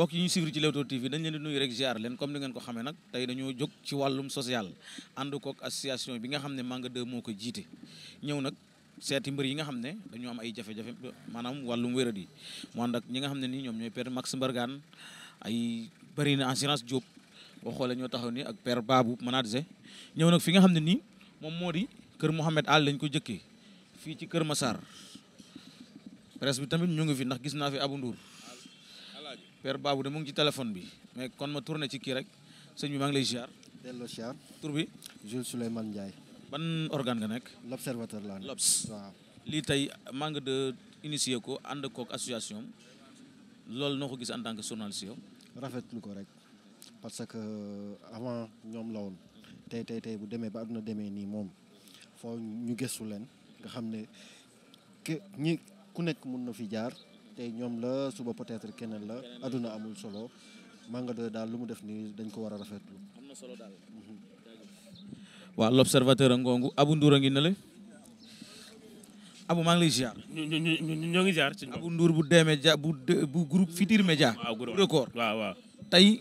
boo yi ñu suivre ci Leewtoo TV dañ leen di nuyu rek ziar leen comme ni ngeen ko xamee nag tey dañoo jóg ci wàllum social ànd kook association bi nga xam ne Manga 2 moo ko jiite ñëw nag seeti mbër yi nga xam ne dañoo am ay jafe-jafe maanaam wàllum wérad yi mu ànd ak ñi nga xam ne nii ñoom ñooy père Max Mbargane ay bëri na assurance Diop boo xoolee ñoo taxaw ni ak père Babou Manadze ñëw nag fi nga xam ne nii moom moo di kër Mouhamed All lañ ko jëkkee fii ci kër Massar presse bi tamit ñu ngi fi ndax gis naa fi Abou Ndour père baabu de mu ngi ci téléphone bi mais kon ma tourné ci kii rek sëñ bi maa ngi lay ziar. delloo ziar tur bi. Jules Souleymane Ndiaye. ban organe nga nekk. l' observateur laa nekk l'obs waaw. lii tey manque de initier ko ànd kook association loolu noo ko gis en tant que journaliste yow. rafetlu ko rek parce que euh, avant ñoom la woon tey tey tey bu demee ba àdduna demee nii moom foo ñu gëstu leen nga xam ne ku nekk mun na fi jaar tey ñoom la suba peut-être keneen la adduna amul solo Manga 2 daal lu mu def nii dañ ko war a rafetlu. am na solo daal. Mhm. waaw l'observateur a ngongu Abu Ndour ngi ne la Abu maa ngi lay ziar. ñoo ngi ziar. Abu Ndour bu dee média bu bu groupe Futurs Médias. waaw record waaw waaw. tey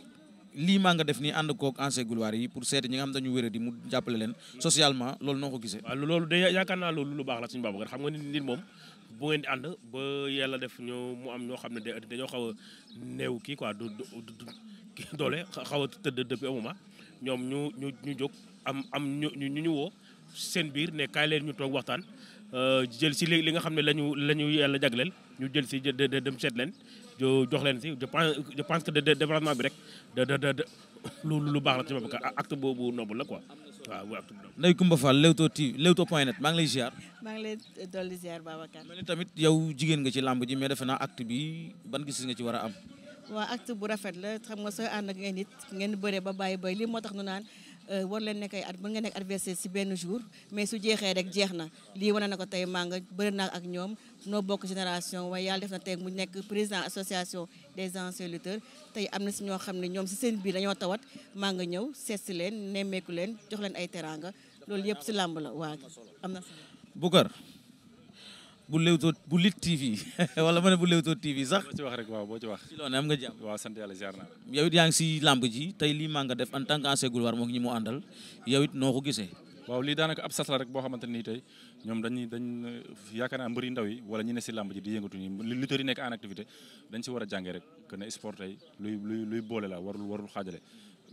lii maa nga def nii ànd koog ancien gloire yi pour seeti ñi nga xam dañu wéré di mu jàppale leen socialement loolu noo ko gisee. waaw loolu xam nga nit moom. bu ngeen di ànd ba yàlla def ñoo mu am ñoo xam ne dañoo xaw a néew kii quoi du doole xaw a tëdd depuis un moment ñoom ñu ñu ñu jóg am am ñu ñu ñu woo seen biir ne kaay leen ñu toog waxtaan euh, jël si li nga xam ne la ñu la ñu yàlla jagleel ñu jël si dem seet leen jox leen si je pense je pense que de développement bi rek de de de lu lu baax la ci Babacar acte boobu noble la quoi waaw acte bu noble. Ndeye Coumba Fall Leewtoo point net maa ngi lay ziar. maa ngi lay dolli ziar jigéen nga ci làmb ji mais defe naa acte bi ban gis nga ci war a am. waaw acte bu rafet la xam nga sooy ànd ak ay nit ngeen bëree ba bàyyi bay lii moo tax ñu naan. Euh, war leen nekk ay at mën nga nekk adversaire si benn jour mais su jeexee rek jeex na lii wane na ko tey maa nga bëri naa ak ñoom noo bokk génération waaye yàlla def na tey mu nekk président association des anciens lutteurs tey am na si ñoo xam ne ñoom si seen biir dañoo tawat maa nga ñëw seet si leen nemmeeku leen jox leen ay teraanga loolu yëpp si làmb la waa am na Boucar bu Leewtoo bu lit TV wala ma ne bu Leewtoo TV sax. boo ci wax rek waaw boo ci wax. ci loolu am nga jàmm. waaw sant yàlla ziar naa la. yow ngi si làmb ji tey lii maa nga def en tant que ancien gulwaar moom ñi mu àndal yow noo ko gisee. waaw lii daanaka ab sas la rek boo xamante ni tey ñoom dañuy dañ yaakaar naa mbëri ndaw yi wala ñu ne si làmb ji di yëngatu nii lutteurs yi nekk en activité dañ si war a jànge rek que ne luy luy boole la warul warul xaajale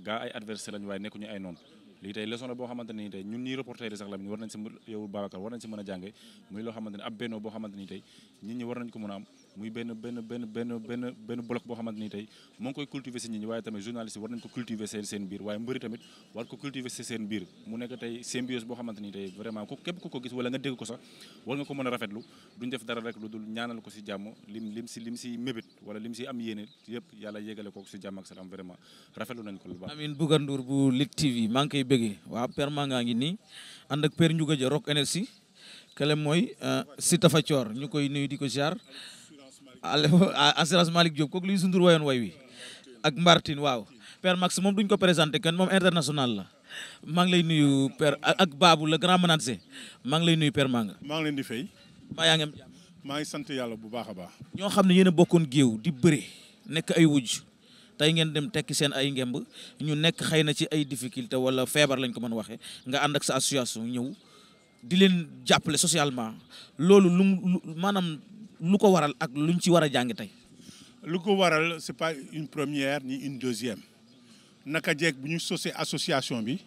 gaa ay adversaire lañ waaye nekkuñu ay noonu lii tey leçon la boo xamante nii ñun ni reporter yi sax la war nañ si yow Babacar war nañ si mën a jànge muy loo xamante ne boo xamante nii tey ñi war nañ ko mën am muy benn benn benn benn benn benn bloc boo xamante ni tey moo ngi koy cultiver si nit ñi waaye tamit journaliste war nañ ko cultiver seen seen biir waaye mbëri tamit war ko cultiver si seen biir mu nekk tey symbiose boo xamante ni képp ko gis wala nga dégg ko sax war nga ko mën a rafetlu duñ def dara rek lu dul ñaanal ko si jàmm lim lim si lim si mébét wala lim si am yéene yëpp yàlla yégale ko si jàmm ak salaam vraiment rafetlu nañ ko lu baax amin Bougar Ndour bu Lit TV maa ngi koy bëggee waa Père Manga ngi nii ànd ak Père Ndiouga Dia Rock Energy euh, ñu koy nuyu di ko ziar assurance Malick Diop kooku li Youssou Ndour wayoon way wi ak Mbartine waaw Père moom duñ ko présenté kenn moom international la maa ngi lay nuyu Père ak Babou le grand manager maa ngi lay nuyu Père Manga maa ngi leen di fay maa yaa ngi maa ngi sant yàlla bu baax a baax ñoo xam ne yéen a bokkoon géew di bëre nekk ay wujj tey ngeen dem tekki seen ay ngemb ñu nekk xëy na ci ay difficulté wala feebar lañ ko mën waxee nga ànd ak sa association ñëw di leen jàppale socialement loolu lu lu ko waral ak lu ñu ci war a jàng tey. lu ko waral c'est pas une première ni une deuxième naka jeeg bu ñu sosee association bi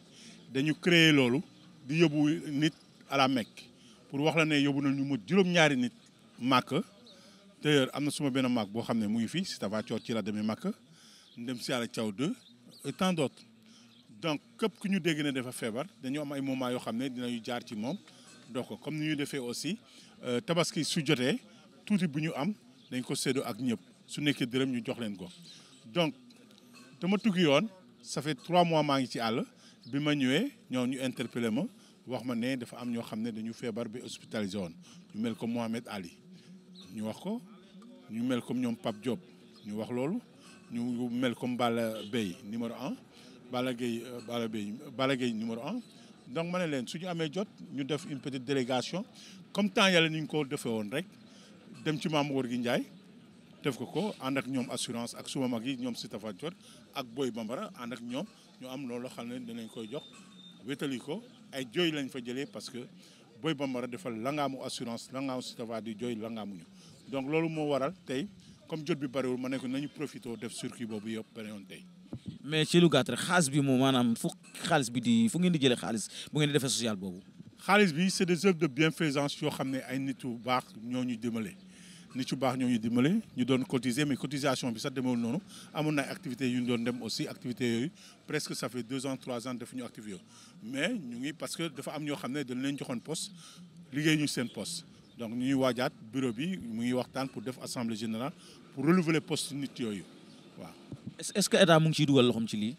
dañu créer loolu di yóbbu nit à la Mecque pour wax la ne yóbbu na ñu mu juróom-ñaari nit màkk d'ailleurs am na suma benn màkk boo xam ne mu ngi fii si Tava Coor ci la demee màkk ndem si Yàlla Thiaw 2 et tant d'autres donc képp ku ñu dégg ne defa feebar dañu am ay moment yoo xam ne dinañu jaar ci moom donc comme ni ñu defee aussi euh, tabaski su jotee tuuti bu ñu am dañ ko séddoo ak ñëpp su nekkee dërëm ñu jox leen ko donc dama tukki yoon ça fait trois mois maa ngi ci àll bi ma ñëwee ñoo ñu interpellé ma wax ma ne dafa am ñoo xam ne dañu feebar bi hospitalisé woon ñu mel comme Mohamed Ali ñu wax ko ñu mel comme ñoom Pape Diop ñu wax loolu ñu mel comme Balla Beye numéro un Balla Gaye euh, Balla Beye Balla Gaye numéro un donc ma ne leen suñu amee jot ñu def une petite délégation comme temps yàlla ni ñu ko defee woon rek dem ci war gi Ndiaye def ko ko ànd ak ñoom assurance ak suma mag yi ñoom si tafancor ak booy Bambara ànd ak ñoom ñoo am loolu xam ne dinañ koy jox wétali ko ay jooy lañ fa jëlee parce que Boy Bambara defal langaamu assurance langaamu si tafa di jooy langaamuñu donc loolu moo waral tey comme jot bi bariwul ma ne ko nañu profité def circuit boobu yëpp beneen tey. mais ci lu gàtt rek xaalis bi moom maanaam fu xaalis bi di fu ngeen di jëlee xaalis bu ngeen di defee social boobu. xaalis bi c'est des œuvres de bienfaisance yoo xam ne ay nit yu baax ñoo ñu dimbale. nit ñu baax ñoo ñu dimbale ñu doon cotiser mais cotisation bi sax demewul noonu amoon na activité yu ñu doon dem aussi activités yooyu presque ça fait deux ans trois ans defuñu activité yooyu mais ñu ngi parce que dafa am ñoo xam ne dañ leen joxoon poste liggéey ñu seen poste donc ñu waajaat bureau bi mu ngi waxtaan pour def assemblée générale pour renouveler poste nit yooyu waaw. est-ce que état mu ngi ciy dugal loxoom ci lii.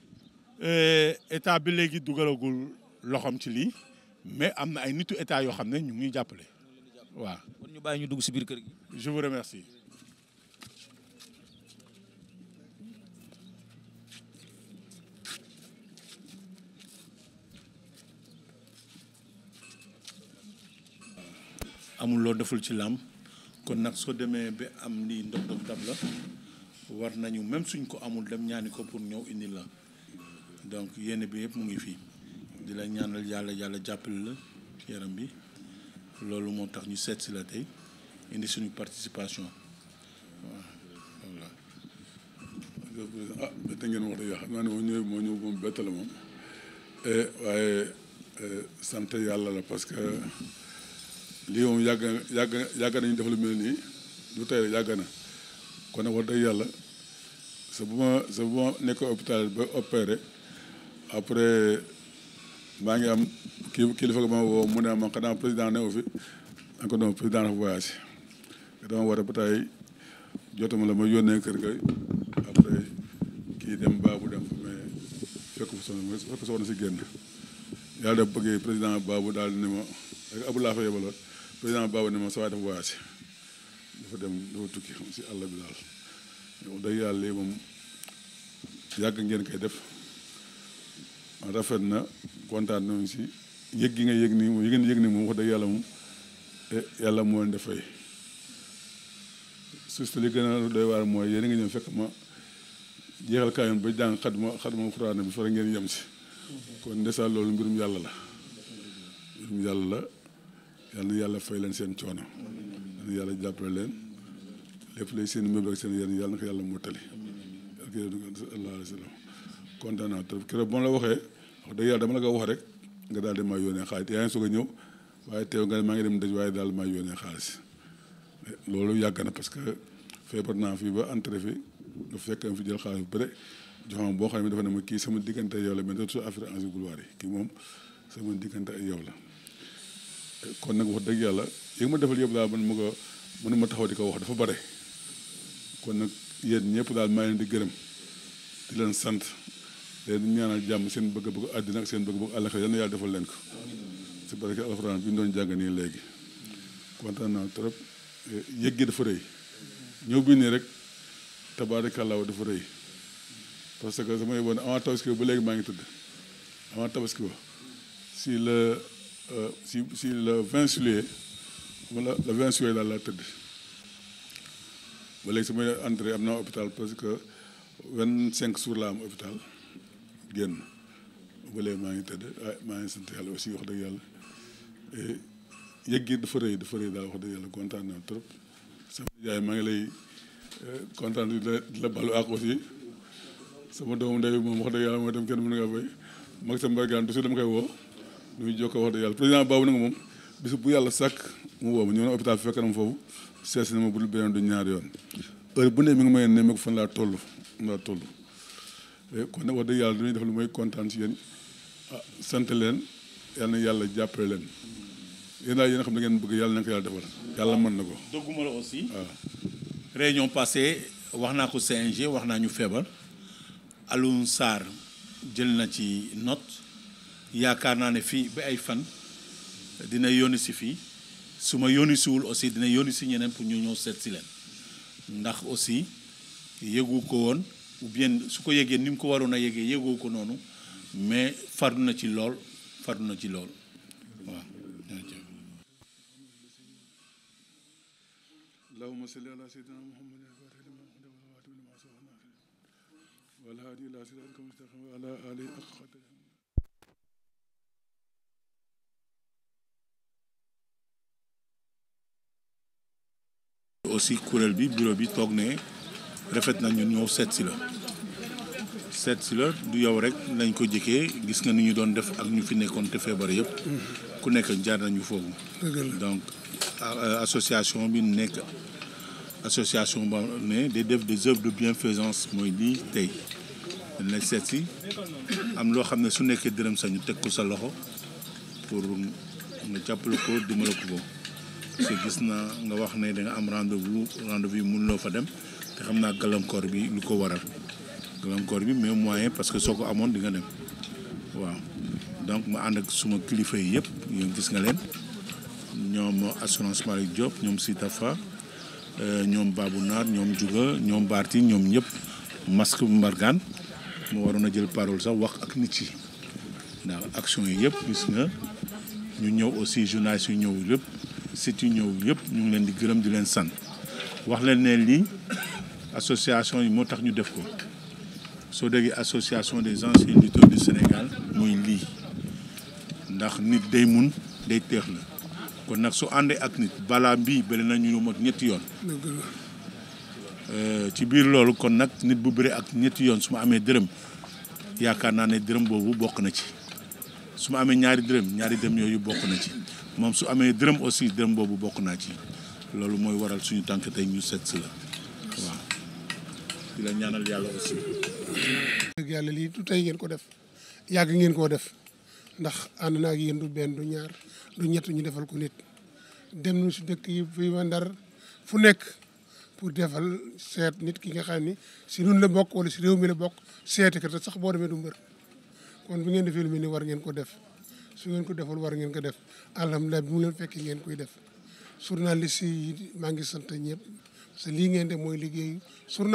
Euh, état bi léegi dugalagul loxoom ci lii mais am na ay nitu état yoo xam ne ñu ngi jàppale. waaw kon ñu bàyyi dugg si biir kër gi. je vous amul loo deful ci làmb kon nag soo demee ba am ni ndox ndox dab la war nañu même suñ ko amul dem ñaani ko pour ñëw indi la donc yéene bi yëpp mu ngi fii di la ñaanal yàlla yàlla jàppale la yaram bi. loolu moom tax ñu seet si la tey indi suñu participation waaw voilà ah ngeen wax dëgg xam naa ne moo ñu moo ñëw moom bett la moom eh, waaye eh, sant yàlla la parce que li moom yàgg yàgg yàgg nañu def lu mel nii lu tey yàgg na kon nag wax dëgg yàlla sa bu ma sa bu ma nekk hôpital ba opeere après maa ngi am kii kilifa ma woo mu ne ma xanaa président président dafa a ba tey jotuma la ma yónnee kër ga après kii dem baabu dem fa fa si génn yàlla da bëggee président baabu daal ni ma ak président baabu ni dafa voyage dafa tukki xam si àll bi daal wax dëgg yàlla lii moom yàgg ngeen kay def rafet na kontaan nañu si yëg gi nga yëg nii moom yëg ni moom wax dëgg yàlla moom eh, yàlla moo leen dafay li gën a doy mooy yéen ngi ñëw fekk ma jeexal kaayoon ba jàng xatma xatma xuraan bi fara ngeen yem si kon ndeysaan loolu mbirum yàlla la mbirum yàlla la yàlla fay leen seen coono yal yàlla jàppale leen lépp lay seen mébé ak seen yéen yàlla na ko yàlla mottali ak yàlla sallallahu alayhi keroog bu ma la waxee wax dëgg yàlla dama la ko wax rek nga daal di ma yónnee xaalis yaa ngi soog a ñëw waaye teew nga maa ngi dem dëj waaye daal ma yónnee xaalis loolu yàgg na parce que feebar naa fi ba entré fi nga fekk fi jël xaalis bu bëre jox boo xam ne dafa ne ma kii sama diggante yow la mais dootu affaire en moom sama diggante ak yow la kon nag wax dëgg yàlla yi ma defal yëpp daal man ma ko mënu ma taxaw di ko wax dafa bare kon nag yéen ñëpp daal maa leen di gërëm di leen sant léegi ñaanal jàmm seen bëgg-bëgg àddina ak seen bëgg-bëgg leen alxuraan bi ñu doon jàng nii léegi kontaan naa trop yëg gi dafa rëy ñëw bi nii rek tabaarakallaa dafa rëy parce que sama yeboon avant ba léegi maa ngi tëdd avant tabaski ba si le euh, si si le 20 juillet am naa hôpital parce que 25 jours laa am hôpital génn ba léegi maa ngi tëdd ah, maa ngi sant yàlla aussi wax dëgg yàlla eh, yëg gi dafa rëy dafa rëy daal wax dëgg yàlla kontaan naa trop sama jaay maa ngi eh, la di la balu àq aussi sama doomu ndey moom wax dëgg yàlla mooy dem kenn mënu ngaa béy mag sa du bisu dama koy woo nuy jokko wax dëgg yàlla président baabu na nga moom bisu bu yàlla sàkk mu woo ma ñëw na hôpital fekk na ma foofu seesi na ma budul beneen du ñaari yoon bu ne mi ngi may ne ma ko fan laa toll fan laa toll Eh, kon nag wax dëgg yàlla dañuy def lu mooy kontaan si yéen ah, sant leen yal na yàlla jàppale leen yéen daal yéen xam ne ngeen bëgg yàlla na ko yàlla defal yàlla mën na ko. dogguma la aussi. Ah. réunion passée wax naa ko CNG wax naa ñu feebar Alioune Sarr jël na ci note yaakaar naa ne fii ba ay fan dina yónni si fii su ma yónni siwul aussi dina yónni si ñeneen pour ñu ñëw seet si leen ndax aussi yëgu ko woon. ou bien su ko yëgee ni mu ko waroon a yëgee yëgoo ko noonu mais fardu na ci lool fardu na ci lool waaw اللهم صل على سيدنا محمد الفاتح لما أغلق والخاتم لما سبق والهادي إلى صراطك المستقيم وعلى آله حق قدره aussi kuréel bi bureau bi toog ne rafet na ñun ñëw seet si la seet si la du yow rek lañ ko jëkkee gis nga ni ñu doon def ak ñu fi nekkoon te feebar yëpp ku nekk jaar nañu foofu donc association bi nekk association ba ne day def des œuvres de bienfaisance mooy lii tey dañ lay seet si am loo xam ne su nekkee dërëm sañu teg ko sa loxo pour nga jàppale ko dimbale ko parce que gis na nga wax ne danga am rendez-vous rendez-vous yi mun loo fa dem te xam naa gàllankoor bi lu ko waral gàllankoor bi mais moyen parce que soo ko amoon di nga dem waaw donc ma ànd ak suma kilifa yi yëpp ñoom gis nga leen ñoom assurance Malick Diop ñoom Sitafa euh, ñoom Babou Naar ñoom Juga ñoom Barti ñoom ñëpp masque mbargaan mu waroon a jël parole sax wax ak nit yi ndax action yi yëpp gis nga ñu ñëw aussi journalistes yu ñëw yëpp sit yu ñëw yëpp ñu ngi leen di gërëm di leen sant wax leen lii association yi moo tax ñu def ko soo déggee association des anciens lutteurs du Sénégal mooy lii ndax nit day mun day teex la kon nag su àndee ak nit balaa bii bëri na ñu mot ñetti yoon. Euh, ci biir loolu kon nag nit bu bëri ak ñetti yoon su ma amee dërëm yaakaar naa ne dërëm boobu bokk na ci su ma amee ñaari dërëm ñaari dërëm yooyu bokk na ci moom su amee dërëm aussi dërëm boobu bokk naa ci loolu mooy waral suñu tànk tey ñu seet si la. la ñaanal yàlla aussi. dëgg yàlla lii du tey ngeen ko def yàgg ngeen koo def ndax ànd naa ak yéen du benn du ñaar du ñett ñu defal ko nit dem nañ si dëkk yi fii ma Ndar fu nekk pour defal seet nit ki nga xam ni si nun la bokk wala si réew mi la bokk seeti ko te sax boo demee du mbër kon bi ngeen defee lu mel ni war ngeen ko def su ngeen ko defal war ngeen ko def alhamdulilah bi mu leen fekk ngeen koy def journaliste yi maa ngi sant ñëpp parce que lii ngeen de mooy liggéeyu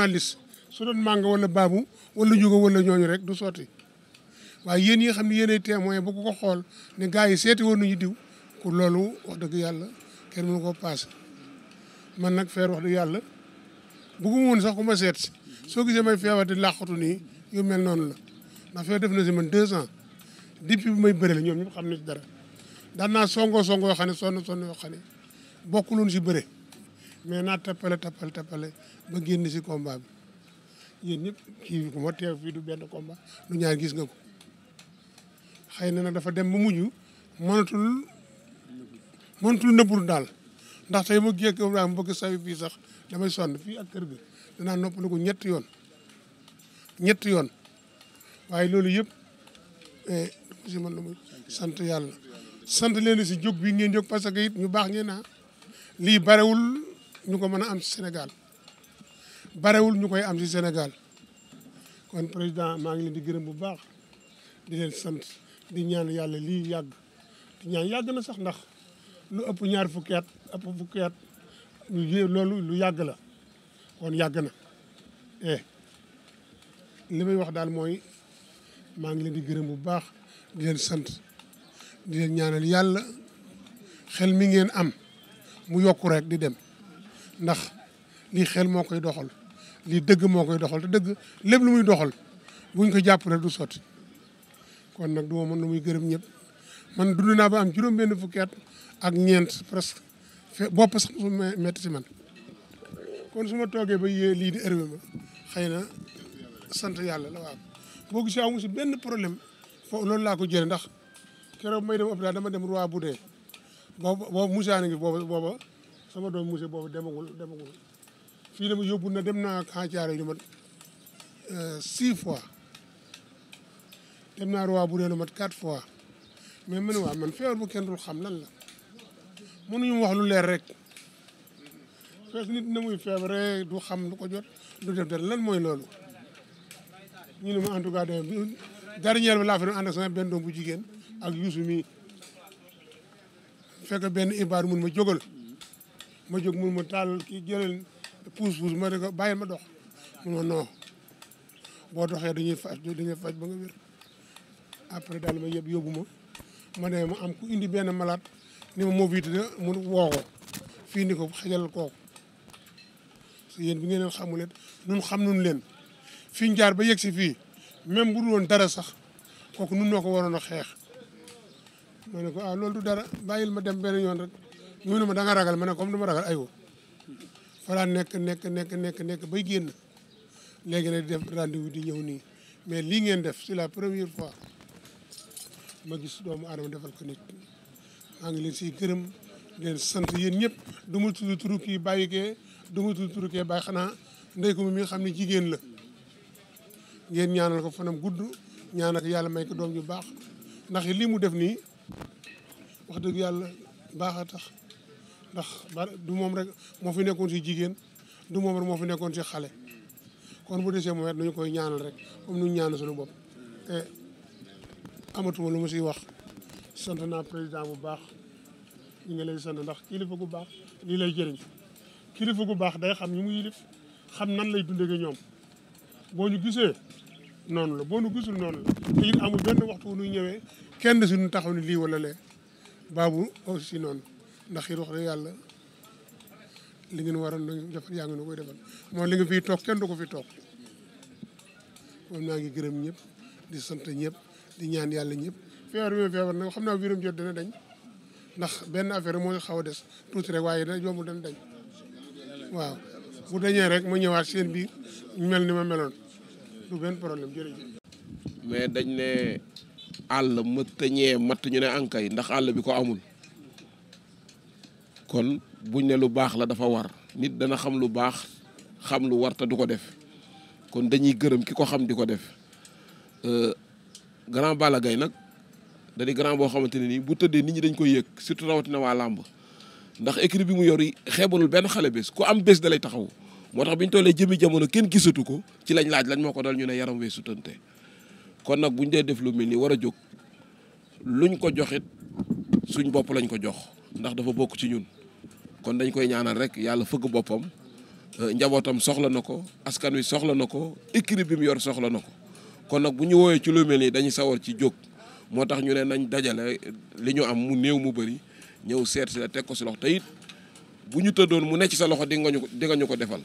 lis su doon màng wala baabu wala juga wala ñooñu rek du sotti waaye yéen yi xam ne yéenay témoin bu ko xool ne gars yi seeti woon ñu diw ku loolu wax dëgg yàlla kenn mënu ko paase man nag feer wax dëgg yàlla bëgguma woon sax ku ma seet soo gisee may feebar di làqatu nii mel noonu la na feer def na si man deux ans depuis bi may bëre la ñoom ñëpp xam ne ci dara daan naa songo songo yoo xam ne sonn sonn yoo xam ne bokkuloon si bëre mais naa tappale tappale tappale ba génn si combat bi yéen ñëpp kii moo teew fii du benn komba du ñaar gis nga ko xëy na nag dafa dem ba mujj mënatul mënatul nëbbul daal ndax tey ma géej ko daa ma sax damay sonn fii ak kër ga danaa noppalu ko ñetti yoon ñetti yoon waaye loolu yëpp eh, si man lu muy sant yàlla sant leen si jóg bi ngeen jóg parce que it ñu baax ngeen naa ah. lii barewul ñu ko mën a am Sénégal barewul ñu koy am ci Sénégal kon président maa ngi leen di gërëm bu baax di leen sant di ñaan yàlla lii yàgg di ñaan yàgg na sax ndax lu ëpp ñaar fukki at ëpp fukki loolu lu yàgg la kon yàgg na eh li may wax daal mooy maa ngi leen di gërëm bu baax di leen sant di leen ñaanal yàlla xel mi ngeen am mu yokku rek di dem ndax lii xel moo koy doxal lii dëgg moo koy doxal te dëgg lépp lu muy doxal buñ ko jàpp rek du sotti kon nag du ma mën lu muy gërëm ñëpp man dund naa ba am juróom-benn fukki at ak ñeent presque fe bopp sax su metti si man kon su ma toogee ba yee lii di ërwé ma xëy na sant yàlla la waaw boo gisee amu si benn problème foo loolu laa ko jëlee ndax keroog may dem hôpital dama dem roi bu dee boobu boobu Moussa ngi boobu booba sama doom Moussa boobu demagul demagul fii la ma yóbbu na dem naa en Thiaroye lu mat euh, six fois dem naa Roi bu dee lu mat quatre fois mais man waa man feebar bu kenn dul xam lan la mënuñu wax lu leer rek fees nit na muy feebaree du xam lu ko jot du def dara lan mooy loolu ñu ne ma en tout cas da dernière laa fi doon ànd ak benn doom bu jigéen ak yuusu mi fekk benn ibaar mun ma jógal ma jóg mun ma taal ki jëlal puus puus ma ne ko bàyyil ma dox mu ne ma non boo doxee dañuy faj dañuy faj ba nga wér après daal ma yëpp ma ma ne ma am ku indi benn malaat ni ma mobilité la mu woo ko fii ni ko xajal kooku parce que yéen bi ngeen leen xamul leen xam nañ leen fii ñu jaar ba yegg si fii même bu dul woon dara sax kooku nun noo ko waroon a xeex ma ne ko ah loolu du dara bàyyil ma dem benn yoon rek ñu ma da ragal ma ne kom comme ma ragal aywa faraan nekk nekk nekk nekk nekk bay génn léegi nag def rendez di ñëw nii mais lii ngeen def si la première fois ma gis doomu aadama defal ko nit maa ngi leen siy gërëm leen sant yéen ñëpp du ma tudd turu kii bàyyi kee du ma tudd turu kee bàyyi xanaa ndey mi nga xam ne jigéen la ngeen ñaanal ko fanam gudd ñaanal ko yàlla may ko doom ju baax ndax lii mu def nii wax dëgg yàlla baax a tax ndax du moom rek moo fi nekkoon si jigéen du moom rek moo fi nekkoon si xale kon bu desee moom it nañu koy ñaanal rek comme nu ñaanal suñu bopp lu ma siy wax sant naa président bu baax ñu ngi lay sant ndax kilifa gu baax lii lay jëriñ kilifa gu baax day xam ñu mu xam nan lay dundee ak ñoom boo ñu gisee noonu la boo ñu gisul noonu la te amul benn waxtu nu ñëwee kenn si ñu taxaw ni lii wala le baabu si noonu ndax it wax dëgg yàlla li ngeen waroon a defal yaa koy defal moo li nga toog kenn du ko fi toog moom naa ngi gërëm ñëpp di sant ñëpp di ñaan yàlla ñëpp feebar bi ma feebar nag xam naa biiram jot dana dañ ndax benn affaire mooy xaw a des tuuti rek waaye dana yombul dana dañ waaw bu dañee rek moo ñëwaat seen bi mel ni ma meloon du benn problème jërëjëf. dañ ne àll mëtt ñee matt ñu ne ankay ndax àll bi ko amul. kon buñ ne lu baax la dafa war nit dana xam lu baax xam lu war te du ko def kon dañuy gërëm ki ko xam di ko def euh, grand Balla Gaye nag da di grand boo xamante ne nii bu tëddee nit ñi dañ koy yëg surtout rawatina waa làmb ndax écrit bi mu yor yi xeebalul benn xale bés ko am bés da lay taxaw moo tax bi ñu tollee jëmi jamono kenn gisatu ko ci lañ laaj lañ moo ko dal ñu ne yaram wee sutante kon nag buñ dee def lu mel ni war a jóg luñ ko joxit suñ bopp lañ ko jox ndax dafa bokk ci ñun kon dañ koy ñaanal rek yàlla fëgg boppam euh, njabootam soxla na ko askan wi soxla na ko écurie bi mu yor soxla na ko kon nag bu ñu wooyee ci lu mel nii dañuy sawar ci jóg moo tax ñu ne nañ dajale li ñu am mu néew mu bëri ñëw seet si la teg ko si loxo te bu ñu tëddoon mu nekk sa loxo di nga ñu ko di ko defal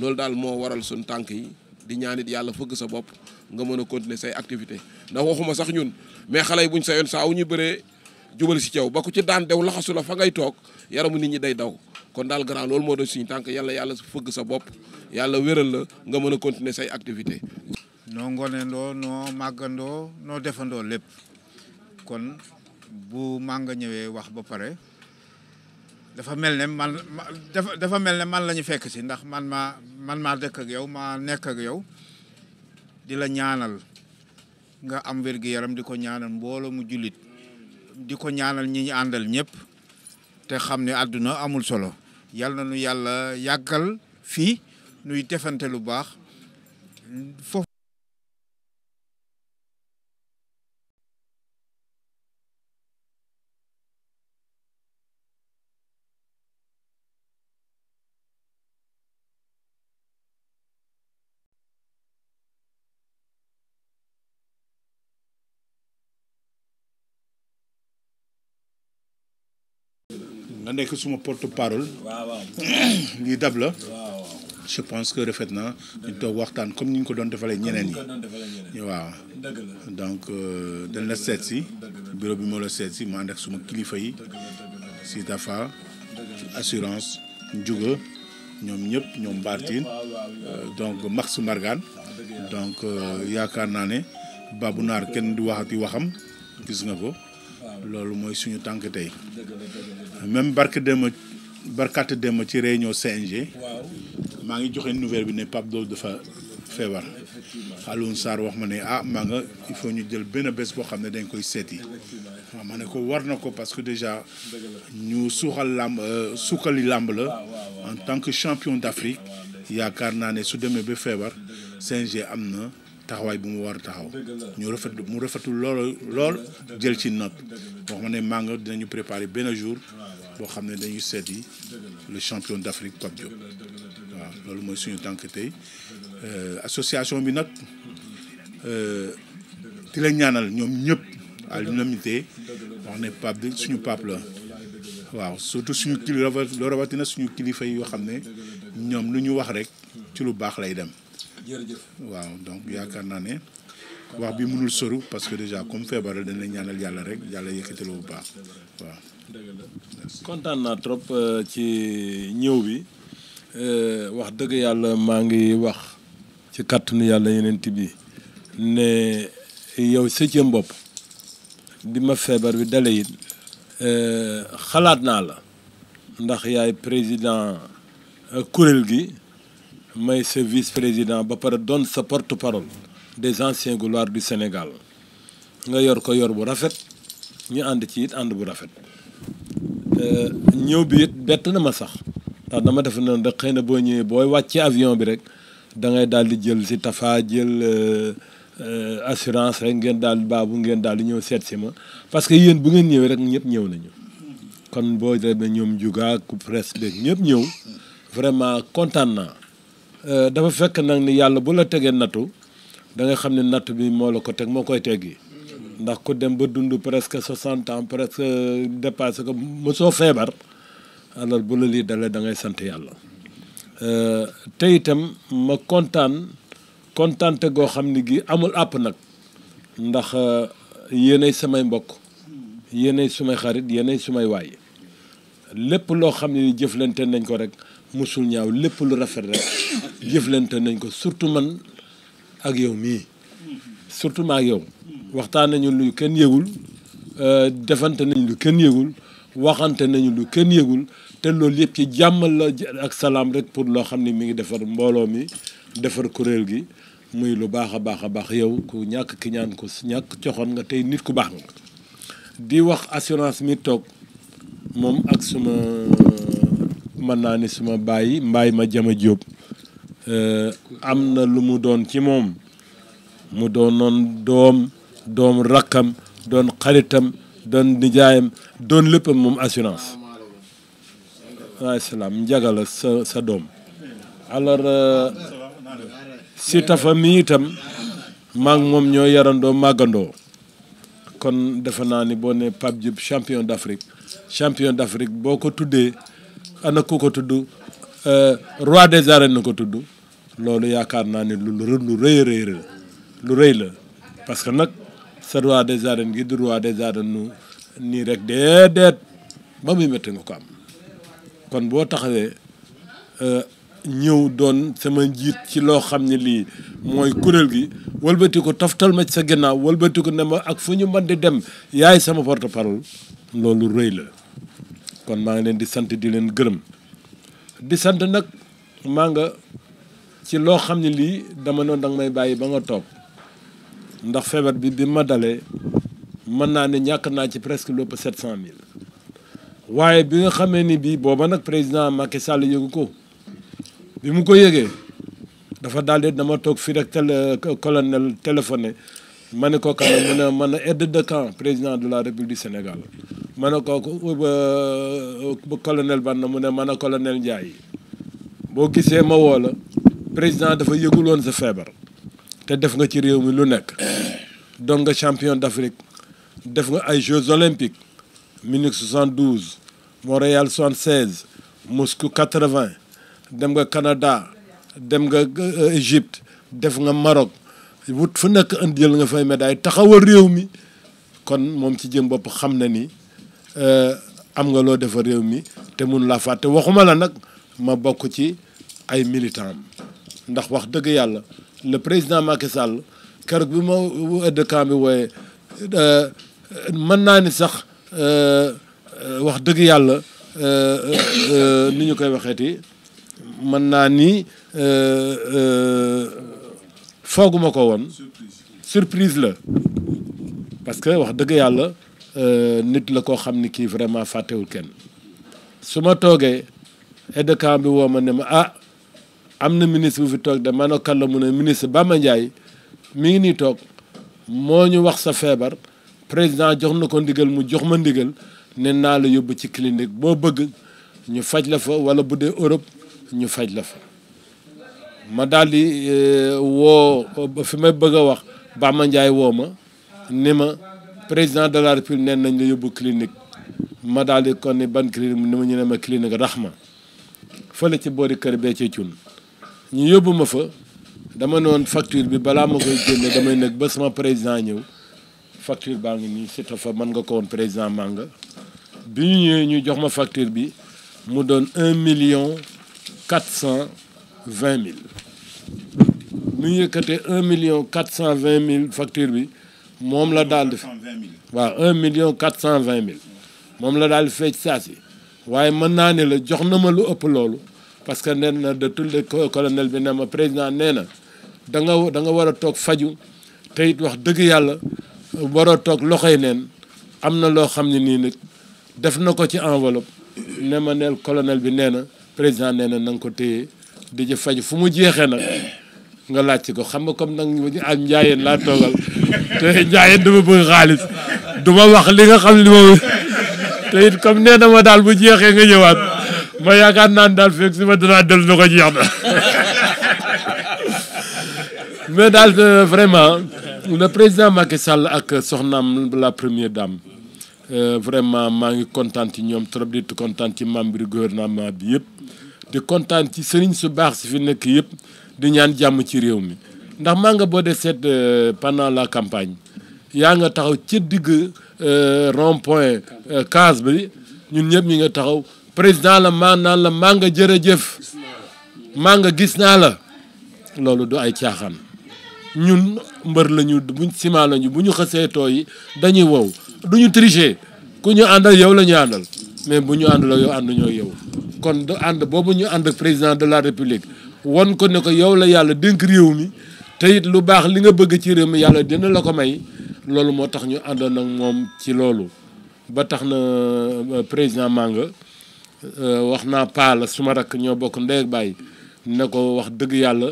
loolu daal moo waral suñ tànk yi di ñaanit yàlla fëgg sa bopp nga mën a continuer say activité ndax waxuma sax ñun mais xale yi buñ sa yoon saa wu ñu jubal si caw ba ku ci daan dew laxasu fa ngay toog yaramu nit ñi day daw kon daal grand loolu moo doon suñu tànk yàlla yàlla fëgg sa bopp yàlla wéral la nga mën a continuer say activité noo ngonendoo noo màggandoo noo defandoo lépp kon bu mànga ñëwee wax ba pare dafa mel ne man dafa mel ne man la ñu fekk si ndax man maa man maa dëkk ak yow maa nekk ak yow di la ñaanal nga am wér-gi-yaram di ko ñaanal mbooloo mu jullit di ko ñaanal ñi ñu àndal ñëpp te xam ne àdduna amul solo yal na nu yàlla yàggal fii nuy defante lu baax foofu nga nekk suma porte parole. waaw lii dab la. je pense que rafet na ñu toog waxtaan comme ni ñu ko doon defalee ñeneen yi waaw donc euh, dañ la seet si bureau bi moo la seet si ma ànd ak suma kilifa yi si dafa assurance njuga ñoom ñëpp ñoom mbaartin euh, donc max margan donc euh, yaakaar naa ne babu naar kenn di waxati waxam gis nga ko loolu mooy suñu tànk tey même barke démb barkaat démb ci réunion CNG maa ngi joxe nouvelle bi ne Pape Dóor dafa feebar Alioune Sarr wax ma ne ah maa nga il faut ñu jël benn bés boo xam ne dañ koy seeti waaw ma ne ko war na ko parce que déjà ñu suuxal làmb euh, suukali làmb la en tant que champion d'Afrique yaakaar naa ne su demee ba feebar CNG am na taxawaay bu mu war a taxaw ñu rafetlu mu rafetlu loolu lool jël ci note wax ma ne Manga dinañu préparer benn jour boo xam ne dañuy seeti le champion d'Afrique Pape Diop waaw loolu mooy suñu tànk tey euh, association bi nag euh, di la ñaanal ñoom ñëpp à l'unanimité wax ne Pape di suñu Pape la waaw surtout suñu kilifa rawatina suñu kilifa yoo xam ne ñoom lu ñu wax rek ci lu baax lay dem jërëjëf waaw donc yaakaar naa ne wax bi mënul soru parce que déjà comme feebaral dañ lay ñaanal yàlla rek yàlla yëkkateloo bu baax waaw. kontaan naa trop euh, ci ñëw bi euh, wax dëgg yàlla maa ngi wax ci kàttanu yàlla yeneen bi ne yow sëccëm bopp bi ma feebar bi dale it euh, xalaat naa la ndax yaay président kuréel gi. may sa vice-président ba pare doon sa porte-parole des anciens gloires du Sénégal nga yor ko yor bu rafet ñu ànd ci it ànd bu rafet euh, ñëw bi it bett na ma sax ndax dama def noonu rek xëy na boo ñëwee booy wàccee avion bi rek dangay ngay daal di jël si tafa jël euh, euh, assurance rek ngeen daal baabu ngeen daal di ñëw seet si ma parce que yéen bu ngeen ñëwee rek ñëpp ñëw nañu kon boo demee ñoom jugaak presse beeg ñëpp ñëw vraiment kontaan naa. Euh, dafa fekk nag ni yàlla bu la tegee nattu da nga xam ne nattu bi moo la ko teg moo koy teggi ndax ku dem ba dund presque soixante ans presque dépassé ko mosoo feebar alors bu la lii dalee da ngay sant yàlla euh, te ma kontaan kontaante goo xam ne gi amul àpp nag ndax euh, yéenay samay mbokk yéenay sumay xarit yéenay sumay waay lépp loo xam ne jëflante nañ ko rek musul ñaaw lépp lu rafet rek jëflante nañ ko surtout man ak yow mii surtout ma ak yow waxtaan nañu lu kenn yëgul euh, defante nañ lu kenn yëgul waxante nañu lu kenn yëgul te loolu yëpp ci jàmm la ak salaam rek pour loo xam ne mi ngi defar mbooloo mi defar kuréel gi muy lu baax a baax a baax yow ku ñàkk ki ñaan ko ñàkk coxoon nga tey nit ku baax nga di wax assurance mi toog moom ak suma mën naa ni suma bàyyi mbaay ma jama jóob euh, am na lu mu doon ci moom mu doon noon doom doom rakkam doon xaritam doon nijaayam doon léppam moom assurance waaye salaam njagala sa sa doom alors euh, si tafa mi itam maak moom ñoo yarandoo màggandoo kon defe naa ni boo ne Pape Diop champion d'Afrique champion d'Afrique boo ko tuddee ana ko ko tudd euh, roi des arènes na ko tudd loolu yaakaar naa ne lu lu rëy la lu rëy la parce que nag sa roi des arènes ngi du roi des arènes nu nii rek déedéet ba muy métti nga ko am kon boo taxawee euh, ñëw doon sama njiit ci loo xam ne lii mooy kuréel gi walbati ko taftal ma ci sa ginnaaw walbati ko ne ma ak fu ñu mën di dem yaay sama porte parole loolu rëy la kon maa ngi leen di sant di leen gërëm di sant nag maa nga ci loo xam ne lii dama noon danga may bàyyi ba nga toog ndax feebar bi bi ma dalee mën naa ne ñàkk naa ci presque lépp sept cent mille waaye bi nga xamee ni bii booba nag président Macky Sall yëgu ko bi mu ko yëgee dafa daal di dama toog fii rek tel euh, colonel téléphoné ma ne ko kan mu ne man aide de de camp président de la république du Sénégal ma ne ko euh, colonel ban mu ne man a colonel Ndiaye boo gisee ma woo président dafa yëgul woon sa feebar te def nga ci réew mi lu nekk doon nga champion d'Afrique def nga ay Jeux olympiques Munich 72 Montréal 76 Moscou 80 dem nga kanada dem nga euh, Égypte def nga Maroc wut fu nekk indi jël nga fay médaille taxawal réew mi kon moom ci jëm bopp xam na ni eh, am nga loo defar réew mi te mun laa fàtte waxuma la nag ma bokk ci ay militant ndax wax dëgg yàlla le président Macky Sall keroog bi ma aide de camp bi wooye eh, mën naa ni sax eh, wax dëgg yàlla ni ñu koy waxeeti mën naa ni. fooguma ko woon surprise la parce que wax dëgg yàlla euh, nit la koo xam ni kii vraiment fàttewul kenn su ma toogee aide de bi woo ma ne ma ah am na ministre bu fi toog de man kan la mu ne ministre ma Ndiaye mi ngi nii toog moo ñu wax sa feebar président jox na ko ndigal mu jox ma ndigal ne naa la yóbbu ci clinique boo bëgg ñu faj la fa wala bu dee Europe ñu faj la fa ma daal di euh, woo fi may bëgg a wax ma Ndiaye woo ma ni ma président de la république neen nañ la yóbbu clinique ma daal di kon ni ban clinique ni ma ñu ne ma clinique Rahma fële ci boori kër bee ci cun ñu yóbbu ma fa dama woon facture bi balaa ma koy génne damay nekk ba sama président ñëw facture baa ngi nii si fa man nga ko woon président Manga bi ñu ñëwee ñu jox ma facture bi mu doon un million quatre cent vingt mille nu yëkkatee un million quatre cent vingt mille facture bi moom la daal di waaw un million quatre cent vingt mille moom la daal di fecc saa si waaye mën naa ne la jox na ma lu ëpp loolu parce que neen na de tout le colonel bi ne ma président nee na da nga da nga war a toog faju te wax dëgg yàlla war a toog loxoy neen am na loo xam ne nii nag def na ko ci enveloppe ne ma neel colonel bi nee na président nee na na nga ko téye di ci faj fu mu jeexee nag nga laajte ko xam nga comme nag am njaayeen laa toogal te njaayeen dama bëgg xaalis du ma wax li nga xam li ma te it comme nee na ma daal bu jeexee nga ñëwaat ma yaakaar naan daal fekk si ma danaa del na ko jeex na mais daal euh, vraiment le président Macky Sall ak soxnaam la première dame euh, vraiment maa ngi kontaan ci ñoom trop di kontaan ci membre gouvernement bi yëpp di kontaan ci sëriñ su baax si fi nekk yëpp di ñaan jàmm ci réew mi ndax maa nga boo dee seet euh, pendant la campagne yaa nga taxaw ci digg euh, rond point euh, case bi ñun ñëpp ñi nga taxaw président la maa naan la maa nga jërëjëf maa nga gis naa la loolu du ay caaxaan ñun mbër lañu buñ ciment lañu bu ñu xasee tooy dañuy wow du ñu tricher ku ñu àndal yow la ñu àndal mais bu ñu àndal yow ànduñoo yow. kon de ànd boobu ñu ànd ak président de la république wan ko ne ko yow la yàlla dénk réew mi teyit lu baax li nga bëgg ci réew mi yàlla dina la ko may loolu moo tax ñu àndoon ak moom ci loolu ba tax na euh, président Manga euh, wax naa paala suma rakk ñoo bokk ndey ak ne ko wax dëgg yàlla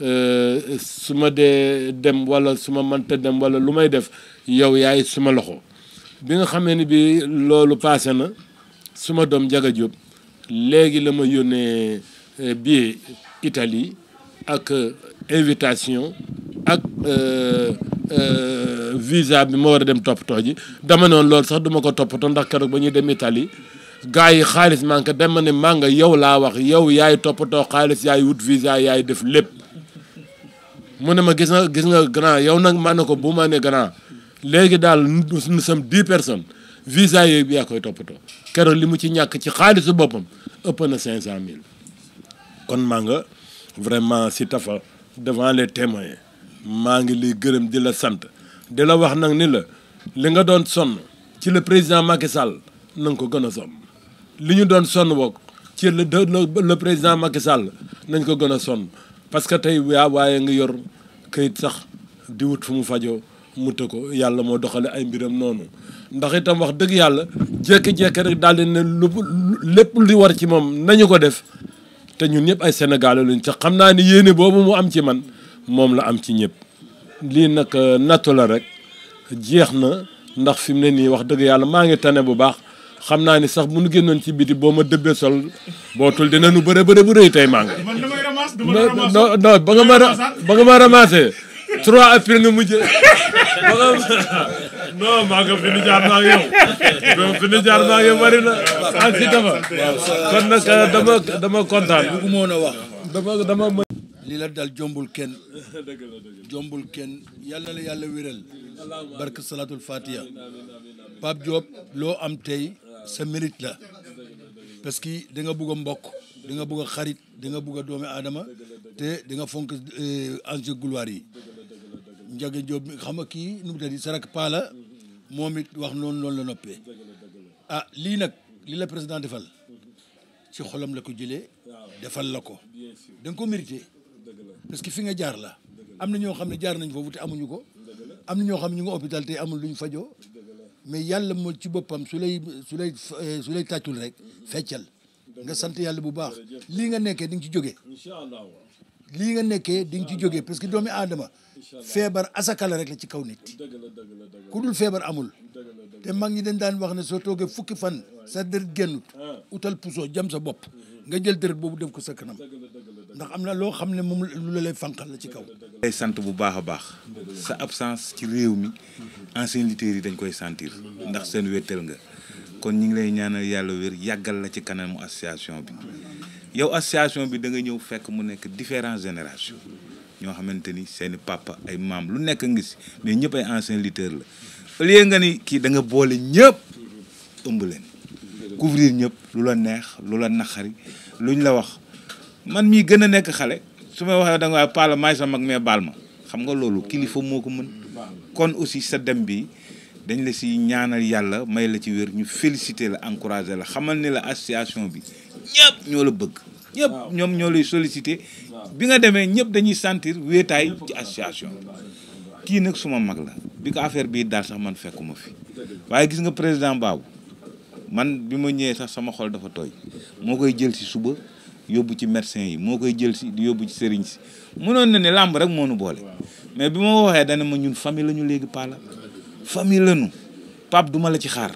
euh, su ma dee dem wala suma ma dem wala lu may def yow yaay suma loxo bi nga xamee ni bi loolu paase na suma doom Jaga Jóob léegi la ma yónnee euh, billet Italie ak euh, invitation ak euh, visa bi ma war a dem toppatoo ji dama noonu loolu sax duma ko toppatoo ndax keroog ba ñuy dem Italie gars yi xaalis maa nga dem ma ne maa nga yow laa wax yow yaay toppatoo xaalis yaay wut visa yaay def lépp mu ne ma gis nga gis nga grand yow nag maa ne ko bu ma ne grand léegi daal nous sam di personnes visa yooyu bi yaa koy toppatoo keroog li mu ci ñàkk ci xaalisu boppam ëpp na cinq cent mille kon maa nga vraiment si tafa devant les témoins maa ngi lay gërëm di la sant di la wax nag ni la li nga doon sonn ci le président Macky Sall na nga ko gën a sonn li ñu doon sonn wook ci le le président Macky Sall nañ ko gën a sonn parce que tey waa waaye nga yor kayit sax di wut fu mu fajoo mu ko yàlla moo doxale ay mbiram noonu ndax itam wax dëgg yàlla jékki-jékki rek daal di ne lu lépp li war ci moom nañu ko def te ñun ñëpp ay Sénégalais luñ ca xam naa ni yéene boobu mu am ci man moom la am ci ñëpp. lii nag euh, nattu la rek jeex na ndax fi mu ne nii wax dëgg yàlla maa ngi tane bu baax xam naa ni sax bu nu génnoon ci biti boo ma dëbbee sol bootul dinañu bëre bëre bu rëy tey maa nga ba nga ma ramassé. trois appels nga mujjee. non maa ngi fi ñu jaar naa yow. donc fi ñu jaar naa yow bari na. ak ah, si dama. kon nag euh, dama dama kontaan. bëggu ma woon a wax. dama dama mën. li la dal jombul kenn. jombul kenn yàlla la yàlla wéral. barke salatul fatiha. Pape Diop loo am tey sa mérite la. parce que da nga bëgg a mbokk. da nga bëgg a xarit da nga bëgg a doomi aadama. te da nga fonk enjeu gloire yi. Njaga Jóob xam nga kii nu mu tëddi sarak paala moom it wax noonu noonu la noppee ah lii nag lii la président defal ci xolam la ko jëlee defal la ko da nga ko mérité parce que fi nga jaar la am na ñoo xam ne jaar nañ foofu te amuñu ko am na ñoo xam ne ñu ngi hôpital te amul luñ fajoo mais yàlla moo ci boppam su lay su lay eh, su lay tàccul rek feccal nga sant yàlla bu baax lii nga nekkee di nga ci jógee lii nga nekkee di nga ci jógee parce que doomi adama feebar asaka la rek la ci kaw nit ku dul feebar amul te mag ñi dañ daan wax ne soo toogee fukki fan sa deret génnut ah. utal puso jam sa bopp mhm. nga jël dër boobu def ko sa kanam ndax am na loo xam ne moom lu la lay fanqal la ci kaw day bu baax a baax sa absence ci réew mi mhm. ancien yi dañ koy sentir ndax seen wéttal nga kon ñu ngi lay ñaanal yàlla wér yàggal la ci kanamu association bi yow association bi da nga ñëw fekk mu nekk différentes générations ñoo xamante ni seen i papa ay maam lu nekk ngi si mais ñëpp ay ancien lutteur la au lieu nga ni kii da nga boole ñëpp ëmb leen couvrir ñëpp lu la neex lu la naqari luñ la wax man mii gën a nekk xale su may waxee da nga waaye paala maay sa mag mais baal ma xam nga loolu kilifa moo ko mën kon aussi sa dem bi dañ la si ñaanal yàlla may la ci wér ñu féliciter la encourager la xamal ni la association bi ñëpp ñoo la bëgg ñëpp ñoom ñoo lay sollicité bi nga demee ñëpp dañuy sentir wéetaay ci association kii nag suma mag la bi ko affaire bii daal sax man ma fi waaye gis nga président Babou man bi ma ñëwee sax sama xol dafa tooy moo koy jël si suba yóbbu ci médecin yi moo koy jël si yóbbu ci sëriñ si mënoon na ne làmb rek moo nu boole mais bi ma waxee dana ma ñun famille lañu léegi Palla famille la ñu duma la ci xaar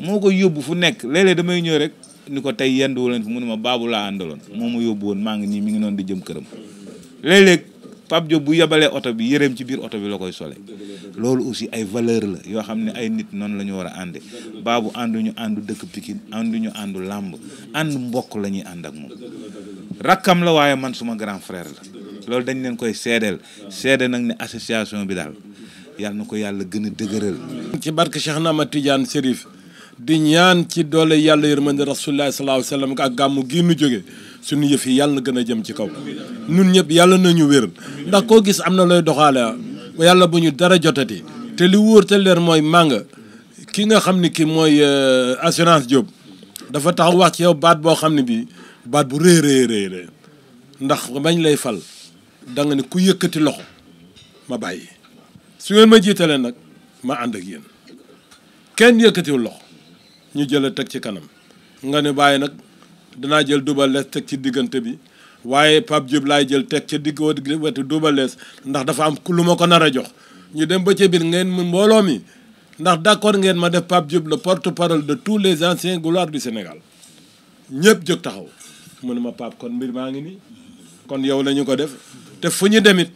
moo koy yóbbu fu nekk léeg-léeg damay ñëw rek. ni ko tey yendu leen fi mu ne ma baabu laa àndaloon moo ma yóbbu woon maa ngi nii mi ngi noonu di jëm këram léeg-léeg Pape Diop bu yebalee oto bi yëreem ci biir oto bi la koy sole loolu aussi ay valeur la yoo xam ne ay nit noonu la ñu war a ànde baabu ànduñu àndu dëkk Pikine ñu àndu làmb àndu mbokk la ñuy ànd ak moom rakkam la waaye man suma grand frère la loolu dañ leen koy seedeel seede nag ne association bi daal yàlla na ko yàlla gën a dëgëral ci barke Cheikh Naama di ñaan ci doole yàlla yërmande rasulullah sallallahu alayhi wasallam ak gàmmu gi nu jóge suñu yëf yi yàlla na gën a jëm ci kaw nun ñëpp yàlla nañu wér ndax koo gis am na looy doxaale yàlla bu ñu dara jotati te li wóor te leer mooy màng ki nga xam ni ki mooy euh, assurance Diop dafa taxaw wax ci yow baat boo xam ne bi baat bu rëy rëy rëy ndax bañ lay fal da nga ne ku yëkkati loxo ma bàyyi su ngeen ma jiitalee nag ma ànd ak yéen kenn yëkkatiwul loxo ñu jëla teg ci kanam nga ne bàyyi nag danaa jël Double Less teg ci diggante bi waaye Pape Diop laay jël teg ci digg wetu Double Less ndax dafa am lu ma ko nar a jox ñu dem ba ci biir ngeen mbooloo mi ndax d'accord ngeen ma def Pape Diop le porte-parole de tout les anciens gloires du Sénégal ñëpp jóg taxaw mu ne ma Pape kon mbir maa ngi nii kon yow lañu ko def te fu ñu demit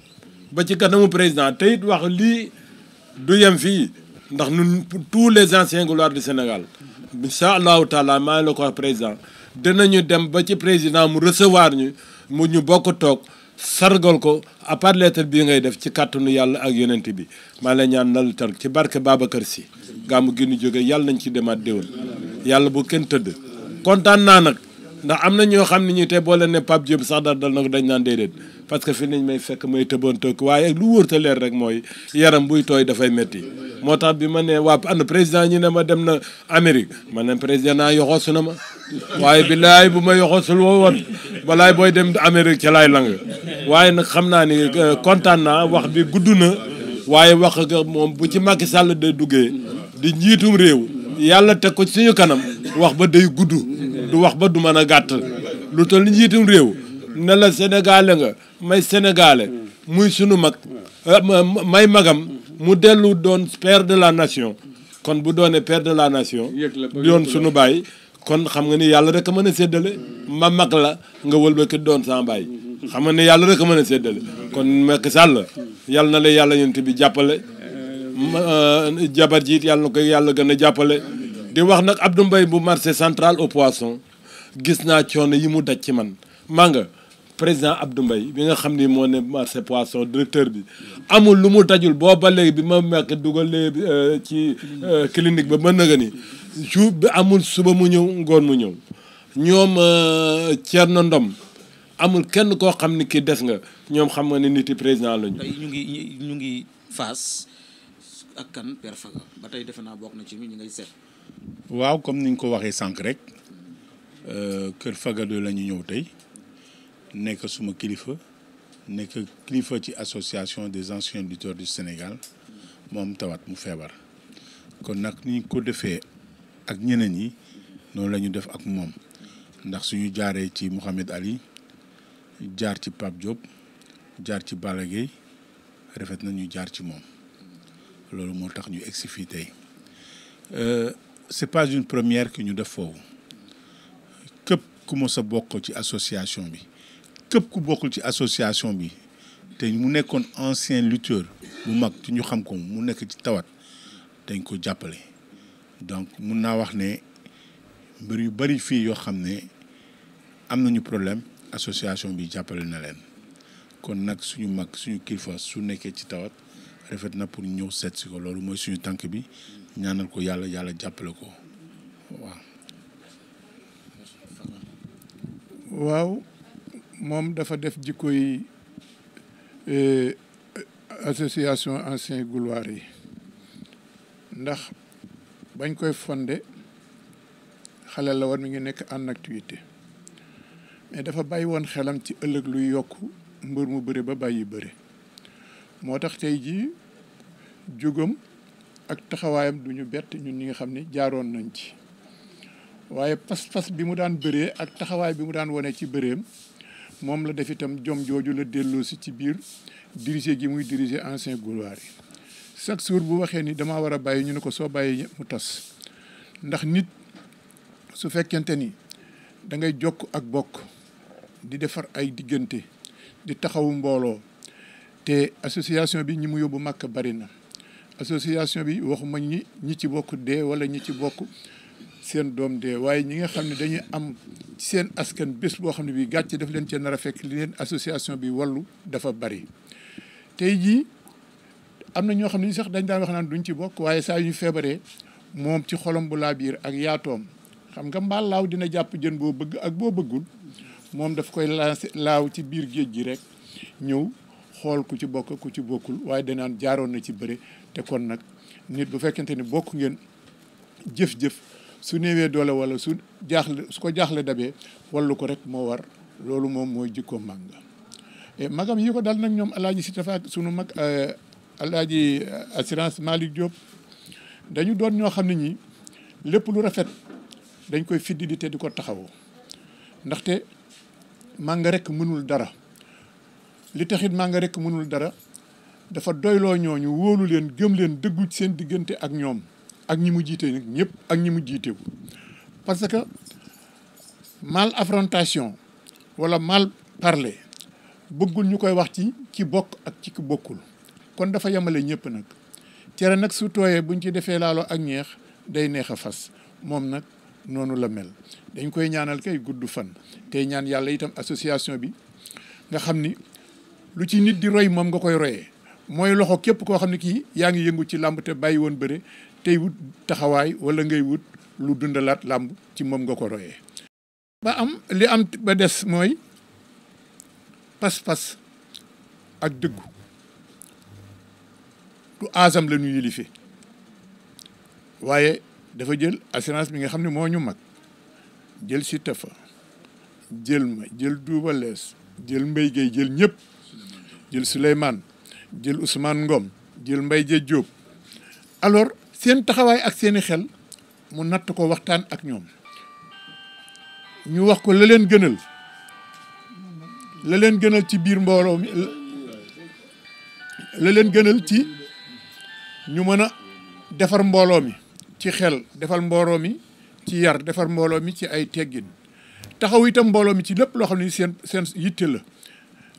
ba ci kanamu président te it wax lii du yem fii ndax ñun tout les anciens gloires Sénégal incha allahu taala maa ngi la ko wax président dinañu dem ba ci président mu recevoir ñu mu ñu bokk toog sargal ko à part lettre bii ngay def ci kàttanu yàlla ak yonent bi maa la ñaan nalu tar ci barke baaba Babacar Sy gàmmu gi ñu jóge yàlla nañ ci demaat déwén yàlla bu kenn tëdd kontaan naa nag ndax am na ñoo xam ne ñu te boo leen ne Pape Diop sax dal dal na ko dañ naan déedéet parce que fi nañ may fekk may tëboon toog waaye lu wóor leer rek mooy yaram buy tooy dafay metti moo tax bi ma ne waa ana président ñi ne ma dem na Amérique ma ne président naa yoxoosu na ma waaye billaay bu ma yoxoosul woo woon balaay booy dem Amérique ca laay lang waaye nag xam naa ni euh, kontaan naa wax bi gudd na waaye wax nga moom bu ci Macky sàll de duggee di njiitum réew yàlla teg ko ci suñu kanam wax ba day gudd du wax ba du mën a gàtt lu toll njiitum réew ne la sénégalais nga may sénégalais muy sunu mag hmm. eh, may magam mu dellu doon père de la nation kon bu doonee père de la nation doon sunu baay kon xam nga ni yàlla rek a mën a séddale ma mag la nga wëlbaki doon sans baay xam nga ne yàlla rek a mën a séddale kon Macky Sall yàlla na la yàlla yonent bi jàppale eh, jabar jiit yàlla na ko yàlla gën a jàppale di wax nag Abdou mbay bu marché centrale au poisson gis naa coono yi mu daj ci man maa nga président Abdou mbay bi nga xam ni moo ne marché poisson directeur bi amul lu mu dajul boo ba léegi bi ma mekk dugalee euh, ci euh, clinique ba mën na nga ni jour bi amul suba mu ñëw ngoon mu ñëw ñoom euh, Thierno Ndom amul kenn koo xam ni kii des nga ñoom xam nga ne niti président la ñu. ñu ngi ñu ngi face ak kan Père ba tey defe naa bokk na ci ñu ngi seet. waaw comme ni ñu ko waxee sànq rek kër Faga do la ñu ñëw tey. nekk suma kilifa nekk kilifa ci association des anciens lutteurs du Sénégal moom tawaat mu feebar kon nag ni ko defee ak ñeneen yi noonu lañu def ak moom ndax suñu jaaree ci Mouhamed Ali jaar ci Pape Diop jaar ci Balla Gaye rafet na ñu jaar ci moom loolu moo tax ñu egsi fii tey euh, c'est pas une première que ñu def foofu képp ku mos a bokk ci association bi képp ku bokkul ci association bi te mu nekkoon ancien lutteur bu mag ci ñu xam ko mu nekk ci tawat dañ ko jàppale donc mun naa wax ne mbir yu bari fii yoo xam ne am nañu problème association bi jàppale na leen kon nag suñu mag suñu kilifa su nekkee ci tawat rafet na pour ñëw seet si ko loolu mooy suñu tànk bi ñaanal ko yàlla yàlla jàppale ko waaw moom dafa def jikko yi euh, association ancien gloire yi ndax bañ koy fonde xale la woon mu ngi nekk en activité mais dafa bàyyi woon xelam ci ëllëg luy yokk mbër mu bëri ba bàyyi bëri moo tax tey ji jógam ak taxawaayam du ñu bett ñun ñi nga xam ni jaaroon nañ ci waaye pas-pas bi mu daan bëree ak taxawaay bi mu daan wone ci bëreem moom la def itam jom jooju la delloo si ci biir diriger gi muy diriger ancien gloire yi chaque jour bu waxee ni damaa war a bàyyi ñu ne ko soo bàyyi mu tas ndax nit su fekkente ni da ngay jokk ak bokk di defar ay diggante di taxawu mbooloo te association bi ñi mu yóbbu màkk bari na association bi waxuma ñi ñi ci bokk dee wala ñi ci bokk seen doom dee waaye ñi nga xam ne dañuy am seen askan bés boo xam ne bii gàcce daf leen cee nar fekk li leen association bi wallu dafa bari tey jii am na ñoo xam ne ñu sax dañ daan wax naan duñ ci bokk waaye saa yu ñu feebaree moom ci xolam bu laa biir ak yaatoom xam nga mbaal laaw dina jàpp jën boo bëgg ak boo bëggul moom daf koy lancé laaw ci biir géej gi rek ñëw xool ku ci bokk ci bokkul waaye danaan jaaroon na ci bëre te kon nag nit bu fekkente ni bokk ngeen jëf-jëf su néewee doole wala su jaaxle su ko jaaxle dabee wallu ko rek moo war loolu moom mooy jikkoo mànga eh, magam yi ko dal nag ñoom alaaji si tafaak sunu mag eh, alaaji eh, assurance Malick Diop dañu doon ñoo xam ne ñi lépp lu rafet dañ koy fiddi di te di ko taxawoo ndaxte màng rekk mënul dara li taxit mànga rekk mënul dara dafa doyloo ñu wóolu leen gëm leen dëggu seen diggante ak ñoom ak ñi mu jiite nag ñëpp ak ñi mu jiitewu parce que mal affrontation wala mal parler bëggul ñu koy wax ci ci bokk ak ci ki bokkul kon dafa yemale ñëpp nag cere nag su tooyee buñ ci defee laalo ak ñeex day neex a fas moom nag noonu la mel dañ koy ñaanal kay gudd fan tey ñaan yàlla itam association bi nga xam ni lu ci nit di roy moom nga koy royee mooy loxo képp koo xam ne kii yaa ngi yëngu ci làmb te bàyyi woon bëre tey wut taxawaay wala ngay wut lu dundalaat làmb ci moom nga ko royee ba am li am ba des mooy pas-pas ak dëggu du asam la ñu yilife waaye dafa jël assurance bi nga xam ne moo ñu mag jël si tafa jël ma jël duuba jël mbay gay jël ñëpp jël Souleymane jël Ousmane Ngom jël mbay ja Diop alors seen taxawaay ak seeni xel mu natt ko waxtaan ak ñoom ñu wax ko la leen gënal la leen gënal ci biir mbooloo mi la leen gënal ci ñu mën a defar mbooloo mi ci xel defal mbooloo mi ci yar defar mbooloo mi ci ay teggin taxaw itam mbooloo mi ci lépp loo xam ne seen seen yitte la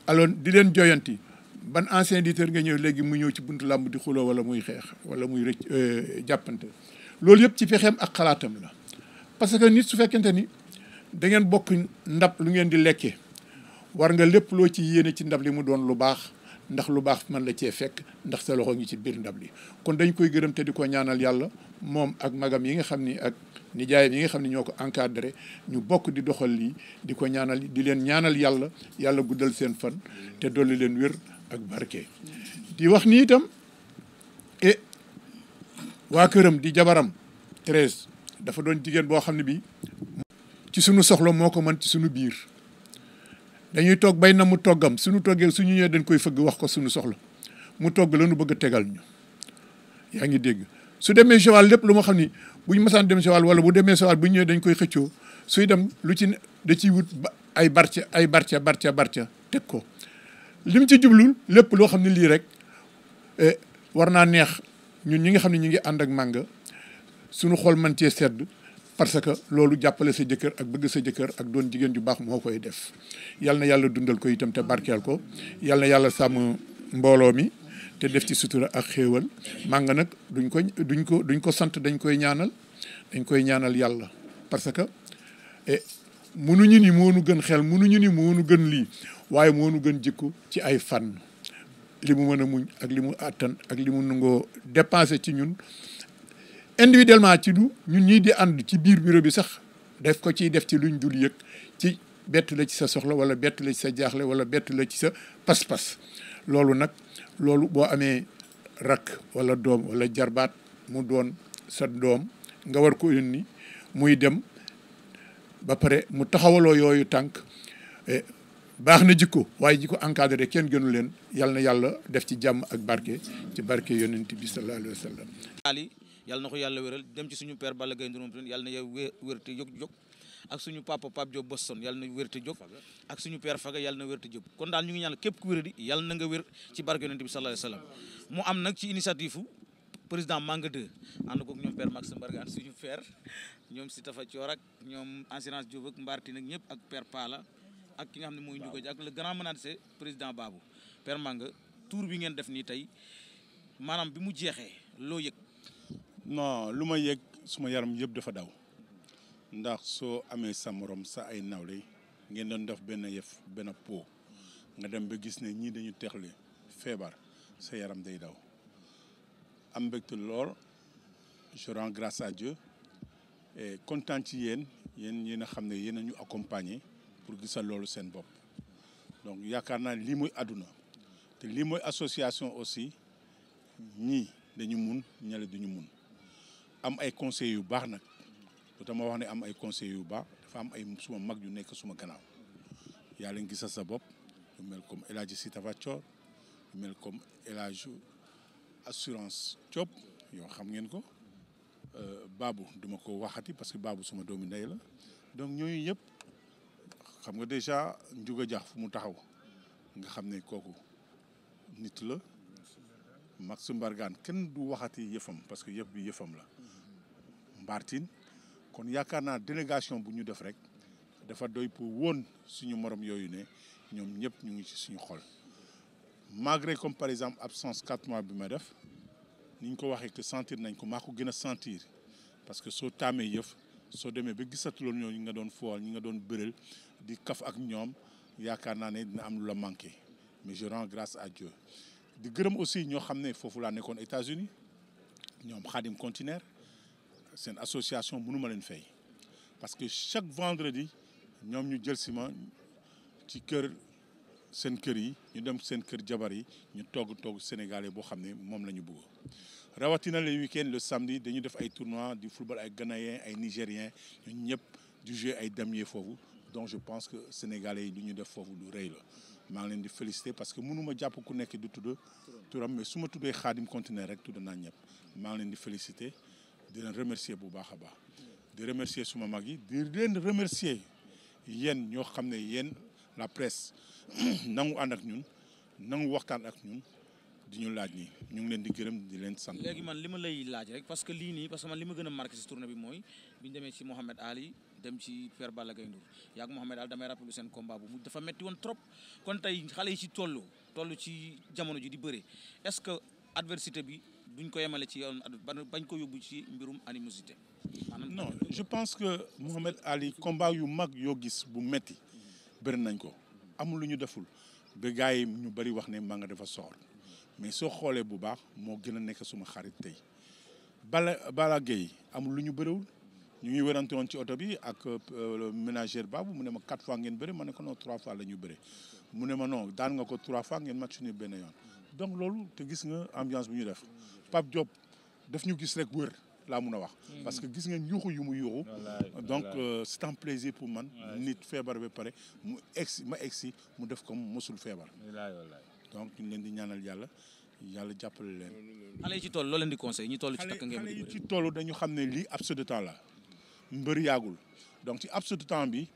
alors di leen joyanti ban ancien éditeur nga ñëw léegi mu ñëw ci buntu làmb di xuloo wala muy xeex wala muy rëcc euh, jàppante loolu yëpp ci fexeem ak xalaatam la parce que nit su fekkente ni da ngeen bokk ndab lu ngeen di lekkee war nga lépp loo ci yéene ci ndab li mu doon lu baax ndax lu baax man la cee fekk ndax sa loxo ngi ci biir ndab li kon dañ koy gërëm te di ko ñaanal yàlla moom ak magam yi nga xam ni ak nijaayam yi nga xam ne ñoo ko encadré ñu bokk di doxal lii di ko ñaanal di leen ñaanal yàlla yàlla guddal seen fan te dolli leen wér ak barke di wax ni tam e waa këram di jabaram Thérèse dafa doon jigéen boo xam ne bi ci sunu soxla moo ko mën ci sunu biir dañuy toog bay na mu toggam sunu toggee suñu ñëwee dañ koy fëgg wax ko sunu soxla mu togg la nu bëgg a tegal ñu yaa ngi dégg su demee Joal lépp lu ma xam ni ñu masaan dem Joal wala bu demee Joal bu ñëwee dañ koy xëccoo suy dem lu ci da ciy wut ay barca ay barca barca barca teg ko li mu ci jublul lépp loo xam ne lii rek eh, war naa neex ñun ñi nga xam ne ñu ngi ànd ak Manga suñu xool man cee sedd parce que loolu jàppale sa jëkkër ak bëgg sa jëkkër ak doon jigéen ju baax moo koy def yal na yàlla dundal ko itam te barkeel ko yal na yàlla sàmm mbooloo mi te def ci sutura ak xéewal Manga nag duñ ko duñ ko duñ ko sant dañ koy ñaanal dañ koy ñaanal yàlla parce que eh, mënuñu ni nu gën xel mënuñu ni moonu gën lii waaye moo nu gën jikko ci ay fan li mu mën a muñ ak li mu àttan ak li mu nangoo dépensé ci ñun individuellement ci du ñun ñii di ànd ci biir bureau bi sax def ko ciy def ci luñ dul yëg ci bett la ci sa soxla wala bett la ci sa jaaxle wala bett la ci sa pas-pas loolu nag loolu boo amee rakk walla doom walla jarbaat mu doon sa doom nga war ko yónni muy dem ba pare mu taxawaloo yooyu tànk eh, baax na jikko waaye jikko encadré kenn gënu leen yal na yàlla def ci jàmm ak barke ci barke yonent bi sallallahu alayhi wa sallam ali na ko yàlla wéral dem ci suñu père Balla Gaye Ndouroumtine yàlla na yow wérte jóg jóg ak suñu papa Pape Diop Boston yàlla na wérte jóg ak suñu père Faga yàlla na wérte jóg kon daal ñu ngi ñaan képp ku wér di na nga wér ci barke yonent bi sallallahu alayhi wa sallam am nag ci initiative président Manga 2 ànd koog ñoom père Max Mbargane suñu père ñoom si tafa coor ak ñoom assurance Diop ak Mbartine ñëpp ak père Pala ak ki nga xam ne mooy Ndiouga Dia ak le grand menacé président baabu Père Manga tour bi ngeen def nii tey maanaam bi mu jeexee loo yëg non lu ma yëg suma yaram yëpp dafa daw ndax soo amee sa morom sa ay nawle ngeen doon def benn yëf benn po nga dem ba gis ne ñii dañu texle feebar sa yaram day daw am mbégte lool je rends grâce Dieu et kontaan ci yéen yéen yéen a xam ne yéen a ñu accompagner pour gisal loolu seen bopp donc yaakaar naa lii mooy àdduna te lii mooy association aussi ñii dañu mun ñale duñu mun am ay conseils yu baax nag lu tax wax ne am ay conseils yu baax dafa am ay suma mag yu nekk suma gannaaw yaa leen gisal sa bopp lu mel comme El Hadj Sitafa Thior lu mel comme El assurance Diop yoo xam ngeen ko euh, Babou duma ko waxati parce que baabu suma doomi ndey la donc ñooñu yëpp. xam nga déjà Ndiouga Dia fu mu taxaw nga xam ne kooku nit la Max Mbargane kenn du waxati yëfam parce que yëf bi yëfam la mbartin kon yaakaar naa délégation bu ñu def rek dafa doy pour woon suñu morom yooyu ne ñoom ñëpp ñu ngi ci suñu xol magre comme par exemple absence quatre mois bi ma def ni ko waxee que sentir nañ ko maa ko gën a sentir parce que soo taamee yëf soo demee ba ñoo ñu nga doon fool ñu nga doon bërël di kaf ak ñoom yaakaar naa ne dina am lu la manqué mais je rends grâce à Dieu di gërëm aussi ñoo xam ne foofu laa nekkoon États-Unis ñoom Xaadim Conteneur seen association mënuma leen fay parce que chaque vendredi ñoom ñu jël si ci kër seen kër yi ñu dem seen kër jabar yi ñu togg togg sénégalais boo xam ne moom la ñu bëgg rawatina les week-ends le samedi dañu def ay tournois du football ay ghanéen ay nigerien ñu ñëpp du jeu ay damier foofu donc je pense que sénégalais yi lu ñu def foofu lu rey la maa ngi leen di féliciter parce que mënuma jàpp ku nekk di tudd turam mais su ma tuddee xaadim continuer rek tudd naa ñëpp maa ngi leen di féliciter di leen remercier bu baax a baax di remercier suma mag yi di leen remercier yéen ñoo xam ne yéen la presse nangu ànd ak ñun nangu waxtaan ak di ñu laaj nii ñu ngi leen di gërëm di leen sant. léegi man li ma lay laaj rek parce que lii nii parce que man li a marqué si mooy bi ñu demee si Mouhamed Ali dem ci Père Balla Gaye Ndour yaa ngi Mouhamed Ali damay rappelé seen combat bu mujj dafa metti woon trop kon tey xale yi ci toll toll ci jamono ji di bëre est-ce que adversité bi duñ ko yemale ci yoon bañ ko yóbbu ci mbirum animosité. non je pense que Mouhamed Ali combat yu mag yoo gis bu metti bëri nañ ko amul lu ñu deful ba gars yi ñu bëri wax ne maa nga dafa soor mais soo xoolee bu baax moo gën a nekk suma xarit tey bala bala Gueye amul lu ñu bëriwul ñu ngi wérante woon ci oto bi ak euh, ménagère baabu mu ne ma quatre fois ngeen bëri ma ne ko non trois la ñu bëri mu ne ma non daan nga ko trois fois ngeen match ni benn yoon donc loolu te gis nga ambiance bu ñu def Pape Diop daf ñu gis rek wër laa mun a wax hmm. parce que gis ngeen yuuxu yu mu yuuxu donc euh, c'est un plaisir pour man nit feebar ba pare mu egsi ma egsi mu def ko mu mosul feebar donc ñu leen di ñaanal yàlla yàlla jàppale leen. xale ci toll loo leen di conseil ñu toll ci takk ngeen dañu xam ne lii abs de temps la mbër yaagul donc ci abs de temps bi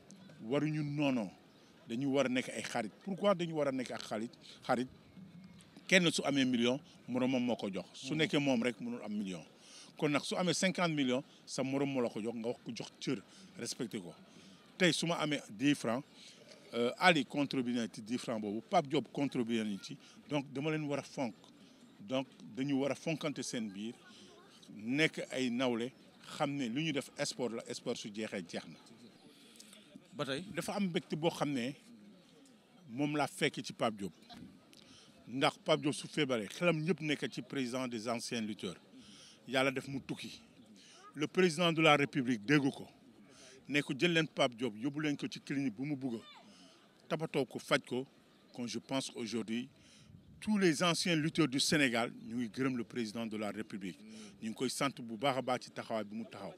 waruñu noonoo dañu war a nekk ay xarit pourquoi dañu war a nekk ak xarit xarit kenn su amee million moromam moo ko jox. su mhm. nekkee moom rek mënul am million. kon nag su amee cinquante millions sa morom moo la ko jox nga wax ko jox cër respecté ko tey su ma amee dix francs Euh, Ali contribué na ci dix francs boobu Pape Diop contribué ci donc dama leen war a fonk donc dañu war a fonkante seen biir nekk ay nawle xam ne lu ñu def sport la sport su jeexee jeex na. tey dafa am mbégte boo xam ne moom laa fekk ci Pape Diop ndax Pape Diop su feebaree xelam ñëpp nekk ci président des anciens lutteurs yàlla def mu tukki le président de la république dégg ko ne jël leen Pape Diop yóbbu leen ko ci clinique bu mu bugga toppatoo ko faj ko kon je pense qu'aujourd'hui tous les anciens lutteurs du Sénégal ñu ngi gërëm le président de la République ñu ngi koy sant bu baax a baax ci taxawaay bi mu taxaw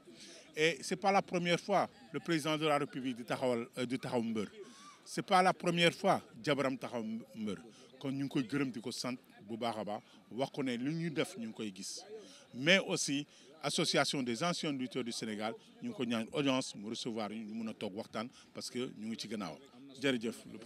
et c'est pas la première fois le président de la République di taxawal euh, di taxaw mbër c'est pas la première fois jabaram taxaw mbër kon ñu ngi koy gërëm di ko sant bu baax a baax wax ko ne lu ñu def ñu ngi koy gis mais aussi association des anciens lutteurs du Sénégal ñu ngi ko ñaan audience mu recevoir ñu mun a toog waxtaan parce que ñu ngi ci gannaaw jërëjëf